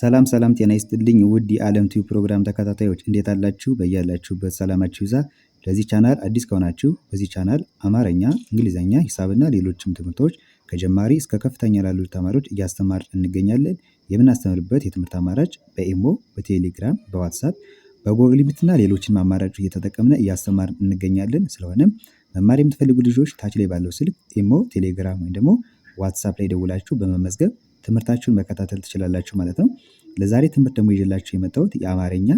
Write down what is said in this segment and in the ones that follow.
ሰላም ሰላም፣ ጤና ይስጥልኝ ውድ የዓለም ቲዩብ ፕሮግራም ተከታታዮች እንዴት አላችሁ? በያላችሁበት ሰላማችሁ ይዛ። ለዚህ ቻናል አዲስ ከሆናችሁ በዚህ ቻናል አማርኛ፣ እንግሊዝኛ፣ ሂሳብና ሌሎችም ትምህርቶች ከጀማሪ እስከ ከፍተኛ ላሉ ተማሪዎች እያስተማር እንገኛለን። የምናስተምርበት የትምህርት አማራጭ በኢሞ፣ በቴሌግራም፣ በዋትሳፕ፣ በጎግል ሚትና ሌሎችንም አማራጭ እየተጠቀምነ እያስተማር እንገኛለን። ስለሆነም መማር የምትፈልጉ ልጆች ታች ላይ ባለው ስልክ ኢሞ፣ ቴሌግራም ወይም ደግሞ ዋትሳፕ ላይ ደውላችሁ በመመዝገብ ትምህርታችሁን መከታተል ትችላላችሁ ማለት ነው። ለዛሬ ትምህርት ደግሞ ይዤላችሁ የመጣሁት የአማርኛ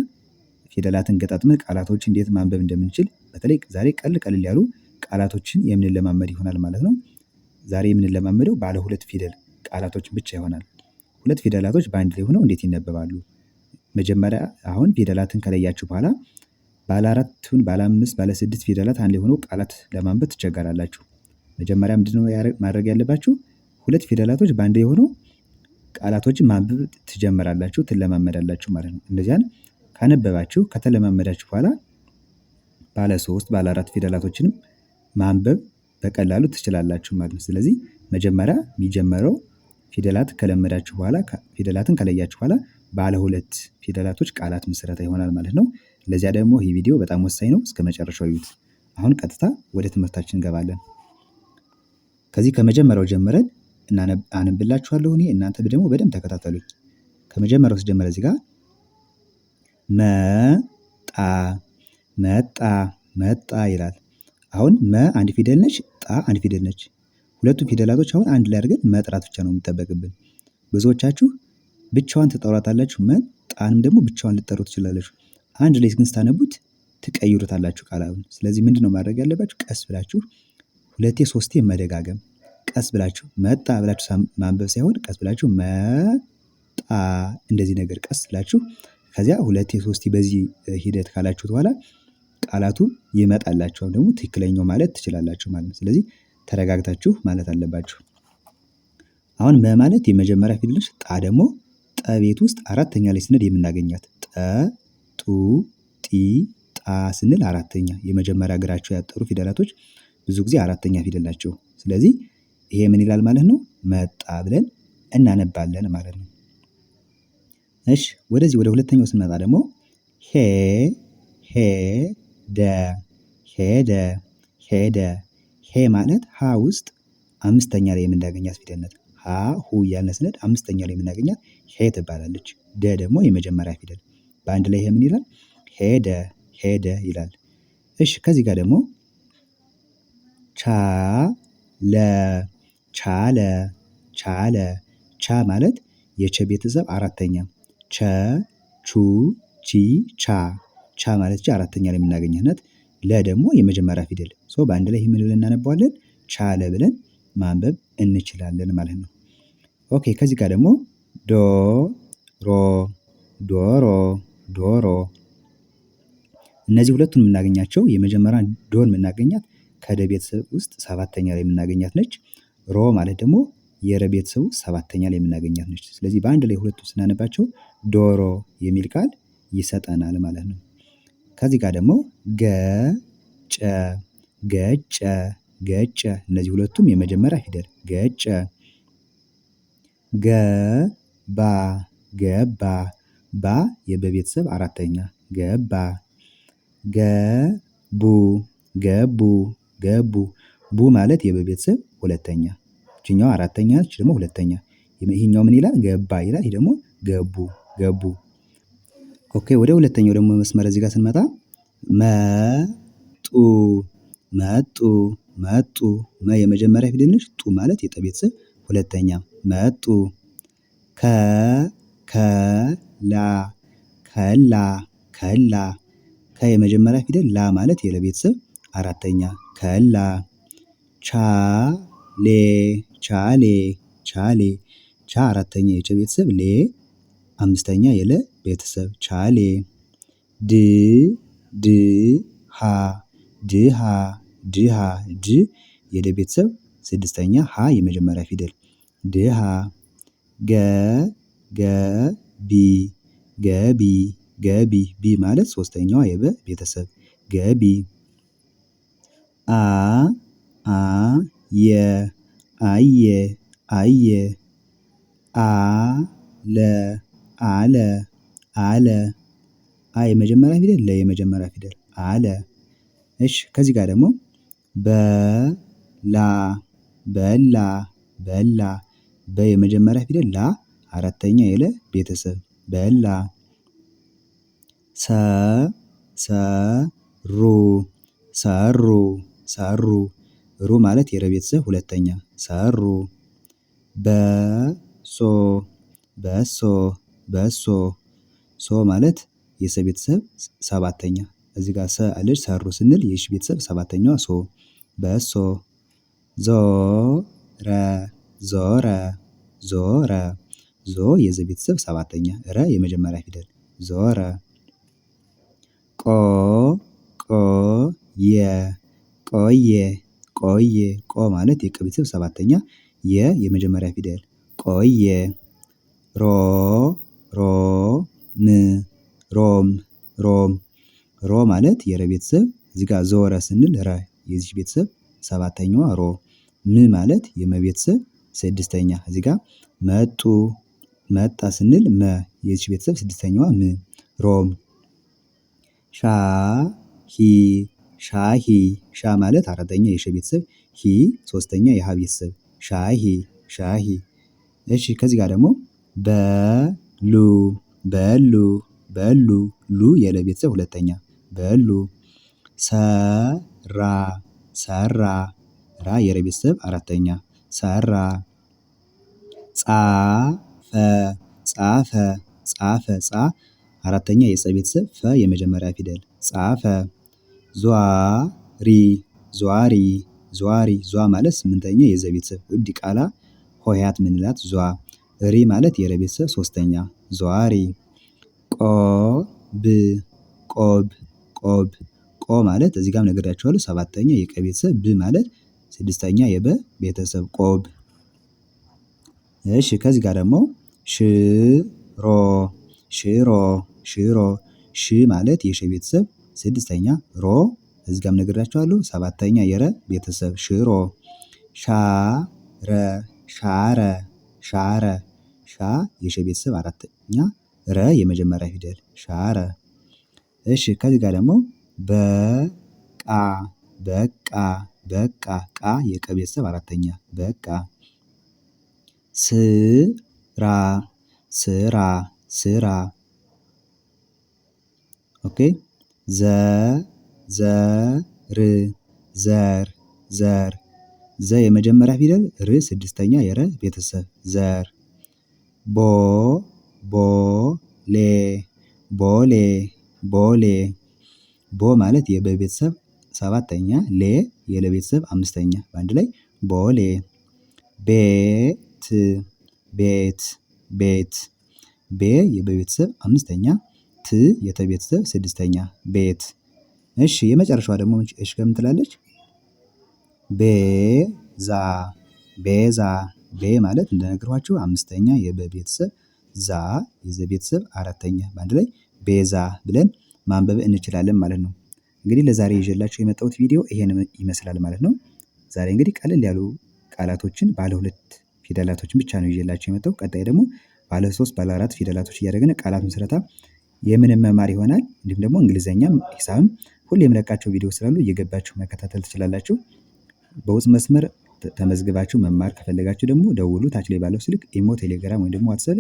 ፊደላትን ገጣጥመን ቃላቶችን እንዴት ማንበብ እንደምንችል በተለይ ዛሬ ቀል ቀልል ያሉ ቃላቶችን የምንለማመድ ይሆናል ማለት ነው። ዛሬ የምንለማመደው ባለ ሁለት ፊደል ቃላቶችን ብቻ ይሆናል። ሁለት ፊደላቶች በአንድ ላይ ሆነው እንዴት ይነበባሉ? መጀመሪያ አሁን ፊደላትን ከለያችሁ በኋላ ባለ አራቱን ባለ አምስት ባለ ስድስት ፊደላት አንድ ላይ ሆነው ቃላት ለማንበብ ትቸገራላችሁ። መጀመሪያ ምንድነው ማድረግ ያለባችሁ? ሁለት ፊደላቶች በአንድ ላይ ሆነው ቃላቶችን ማንበብ ትጀምራላችሁ ትለማመዳላችሁ ማለት ነው። እንደዚያን ካነበባችሁ ከተለማመዳችሁ በኋላ ባለ ሶስት ባለ አራት ፊደላቶችንም ማንበብ በቀላሉ ትችላላችሁ ማለት ነው። ስለዚህ መጀመሪያ የሚጀመረው ፊደላት ከለመዳችሁ በኋላ ፊደላትን ከለያችሁ በኋላ ባለ ሁለት ፊደላቶች ቃላት ምስረታ ይሆናል ማለት ነው። ለዚያ ደግሞ ይህ ቪዲዮ በጣም ወሳኝ ነው። እስከ መጨረሻው እዩት። አሁን ቀጥታ ወደ ትምህርታችን እንገባለን። ከዚህ ከመጀመሪያው ጀምረን አነብላችኋለሁ እኔ እናንተ ደግሞ በደንብ ተከታተሉኝ። ከመጀመሪያው ስጀምር እዚህ ጋር መጣ መጣ መጣ ይላል። አሁን መ አንድ ፊደል ነች፣ ጣ አንድ ፊደል ነች። ሁለቱም ፊደላቶች አሁን አንድ ላይ አድርገን መጥራት ብቻ ነው የሚጠበቅብን። ብዙዎቻችሁ ብቻዋን ትጠሯታላችሁ፣ መን ጣንም ደግሞ ብቻዋን ልጠሩ ትችላለችሁ። አንድ ላይ ግን ስታነቡት ትቀይሩታላችሁ ቃላውን። ስለዚህ ምንድን ነው ማድረግ ያለባችሁ? ቀስ ብላችሁ ሁለቴ ሶስቴ መደጋገም ቀስ ብላችሁ መጣ ብላችሁ ማንበብ ሳይሆን ቀስ ብላችሁ መጣ እንደዚህ ነገር ቀስ ብላችሁ ከዚያ ሁለቴ ሶስቴ በዚህ ሂደት ካላችሁት በኋላ ቃላቱ ይመጣላችሁ ደግሞ ትክክለኛው ማለት ትችላላችሁ ማለት ነው። ስለዚህ ተረጋግታችሁ ማለት አለባችሁ። አሁን መ ማለት የመጀመሪያ ፊደሎች፣ ጣ ደግሞ ጠቤት ውስጥ አራተኛ ላይ ስንል የምናገኛት ጠ፣ ጡ፣ ጢ፣ ጣ ስንል አራተኛ የመጀመሪያ እግራቸው ያጠሩ ፊደላቶች ብዙ ጊዜ አራተኛ ፊደል ናቸው። ስለዚህ ይሄ ምን ይላል ማለት ነው መጣ ብለን እናነባለን ማለት ነው። እሺ ወደዚህ ወደ ሁለተኛው ስንመጣ ደግሞ ሄ ሄ ደ ሄደ ሄደ ሄ ማለት ሀ ውስጥ አምስተኛ ላይ የምናገኛት ፊደል ሀ ሁ እያልን ስነድ አምስተኛ ላይ የምናገኛት ሄ ትባላለች። ደ ደግሞ የመጀመሪያ ፊደል በአንድ ላይ ይሄ ምን ይላል ሄደ ሄደ ይላል። እሺ ከዚህ ጋር ደግሞ ቻ ለ ቻለ ቻለ ቻ ማለት የቸ ቤተሰብ አራተኛ ቸ ቹ ቺ ቻ ቻ ማለት አራተኛ ላይ የምናገኛት ለ ደግሞ የመጀመሪያ ፊደል ሶ በአንድ ላይ ምን ብለን እናነባዋለን ቻለ ብለን ማንበብ እንችላለን ማለት ነው። ኦኬ ከዚህ ጋር ደግሞ ዶ ሮ ዶሮ ዶሮ እነዚህ ሁለቱን የምናገኛቸው የመጀመሪያ ዶን የምናገኛት ከደ ቤተሰብ ውስጥ ሰባተኛ ላይ የምናገኛት ነች። ሮ ማለት ደግሞ የረ ቤተሰቡ ሰባተኛ ላይ የምናገኛት ነች። ስለዚህ በአንድ ላይ ሁለቱ ስናነባቸው ዶሮ የሚል ቃል ይሰጠናል ማለት ነው። ከዚህ ጋር ደግሞ ገጨ ገጨ ገጨ እነዚህ ሁለቱም የመጀመሪያ ፊደል ገጨ። ገባ ገባ ባ የበቤተሰብ አራተኛ ገባ። ገቡ ገቡ ገቡ ቡ ማለት የበቤተሰብ ሁለተኛ ይችኛዋ አራተኛ ነች ደግሞ ሁለተኛ ይሄኛው ምን ይላል ገባ ይላል ይሄ ደግሞ ገቡ ገቡ። ኦኬ ወደ ሁለተኛው ደግሞ መስመር እዚህ ጋር ስንመጣ መጡ መጡ መጡ መ የመጀመሪያ ፊደል ነች። ጡ ማለት የጠ ቤተሰብ ሁለተኛ መጡ። ከ ከላ ከላ ከላ ከ የመጀመሪያ ፊደል ላ ማለት የለ ቤተሰብ አራተኛ ከላ ቻሌ ቻሌ ቻሌ ቻ አራተኛ የቸ ቤተሰብ ሌ አምስተኛ የለ ቤተሰብ ቻሌ ድ ድ ሃ ድሃ ድሃ ድ የደ ቤተሰብ ስድስተኛ ሃ የመጀመሪያ ፊደል ድሃ ገ ገ ቢ ገቢ ገቢ ቢ ማለት ሶስተኛዋ የበ ቤተሰብ ገቢ አ አ የ አየ አየ አ ለ አለ አለ አ የመጀመሪያ ፊደል ለ የመጀመሪያ ፊደል አለ። እሺ ከዚህ ጋር ደግሞ በላ በላ በላ በ የመጀመሪያ ፊደል ላ አራተኛ የለ ቤተሰብ በላ። ሰ ሰ ሰሩ ሰሩ ሩ ማለት የረ ቤተሰብ ሁለተኛ ሰሩ በሶ በሶ በሶ ሶ ማለት የሰ ቤተሰብ ሰባተኛ እዚህ ጋር ሰ ልጅ ሰሩ ስንል የሽ ቤተሰብ ሰባተኛዋ ሶ በሶ ዞረ ዞረ ዞረ ዞ የዘ ቤተሰብ ሰባተኛ ረ የመጀመሪያ ፊደል ዞረ ቆ ቆ የ ቆየ ቆየ ቆ ማለት የቀ ቤተሰብ ሰባተኛ የ የመጀመሪያ ፊደል ቆየ ሮ ሮ ም ሮም ሮም ሮ ማለት የረ ቤተሰብ እዚህ ጋር ዘወረ ስንል ረ የዚች ቤተሰብ ሰባተኛዋ ሮ ም ማለት የመቤተሰብ ስድስተኛ እዚህ ጋር መጡ መጣ ስንል መ የዚች ቤተሰብ ስድስተኛዋ ም ሮም ሻ ሂ ሻሂ ሻ ማለት አራተኛ የሸ ቤተሰብ ሂ ሶስተኛ የሃ ቤተሰብ ሻሂ ሻሂ። እሺ ከዚህ ጋር ደግሞ በሉ በሉ በሉ ሉ የለ ቤተሰብ ሁለተኛ በሉ። ሰራ ሰራ ራ የረ ቤተሰብ አራተኛ ሰራ። ጻፈ ጻፈ ጻፈ ጻ አራተኛ የጸ ቤተሰብ ፈ የመጀመሪያ ፊደል ጻፈ ዟሪ ዟሪ ዟሪ ዟ ማለት ስምንተኛ የዘ ቤተሰብ ወይም ዲቃላ ሆሄያት ምንላት ዟ ሪ ማለት የረ ቤተሰብ ሶስተኛ ዟሪ ቆብ ቆብ ቆብ ቆ ማለት እዚህ ጋም ነግሬያችኋለሁ ሰባተኛ የቀ ቤተሰብ ብ ማለት ስድስተኛ የበ ቤተሰብ ቆብ እሺ ከዚህ ጋር ደግሞ ሽሮ ሽሮ ሽሮ ሽ ማለት የሸ ቤተሰብ ስድስተኛ ሮ እዚህ ጋርም ነግሬያችኋለሁ። ሰባተኛ የረ ቤተሰብ ሽሮ፣ ሻረ፣ ሻረ፣ ሻረ፣ ሻ የሸ ቤተሰብ አራተኛ ረ የመጀመሪያ ፊደል ሻረ። እሺ ከዚህ ጋር ደግሞ በቃ፣ በቃ፣ በቃ ቃ የቀ ቤተሰብ አራተኛ በቃ። ስራ፣ ስራ፣ ስራ ኦኬ ዘ ዘ ር ዘር ዘር ዘ የመጀመሪያ ፊደል ር ስድስተኛ የረ ቤተሰብ ዘር ቦ ቦ ሌ ቦሌ ቦሌ ቦ ማለት የበቤተሰብ ሰባተኛ ሌ የለቤተሰብ አምስተኛ በአንድ ላይ ቦሌ ቤት ቤት ቤት ቤ የበቤተሰብ አምስተኛ ት የተ ቤተሰብ ስድስተኛ ቤት። እሺ የመጨረሻዋ ደግሞ እሺ ከምን ትላለች? ቤዛ ቤዛ ቤ ማለት እንደነገርኳችሁ አምስተኛ የበ ቤተሰብ ዛ የዘ ቤተሰብ አራተኛ በአንድ ላይ ቤዛ ብለን ማንበብ እንችላለን ማለት ነው። እንግዲህ ለዛሬ ይዤላችሁ የመጣሁት ቪዲዮ ይሄን ይመስላል ማለት ነው። ዛሬ እንግዲህ ቀለል ያሉ ቃላቶችን ባለ ሁለት ፊደላቶችን ብቻ ነው ይዤላችሁ የመጣሁ። ቀጣይ ደግሞ ባለ ሶስት ባለ አራት ፊደላቶች እያደረግን ቃላት ምስረታ የምንም መማር ይሆናል እንዲሁም ደግሞ እንግሊዘኛም ሂሳብም ሁሌ የምለቃቸው ቪዲዮ ስላሉ እየገባችሁ መከታተል ትችላላችሁ። በውስጥ መስመር ተመዝግባችሁ መማር ከፈለጋችሁ ደግሞ ደውሉ። ታች ላይ ባለው ስልክ ኢሞ፣ ቴሌግራም ወይም ደግሞ ዋትሳፕ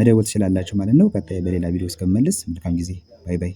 መደወል ትችላላችሁ ማለት ነው። ቀጣይ በሌላ ቪዲዮ እስከምመለስ መልካም ጊዜ። ባይ ባይ።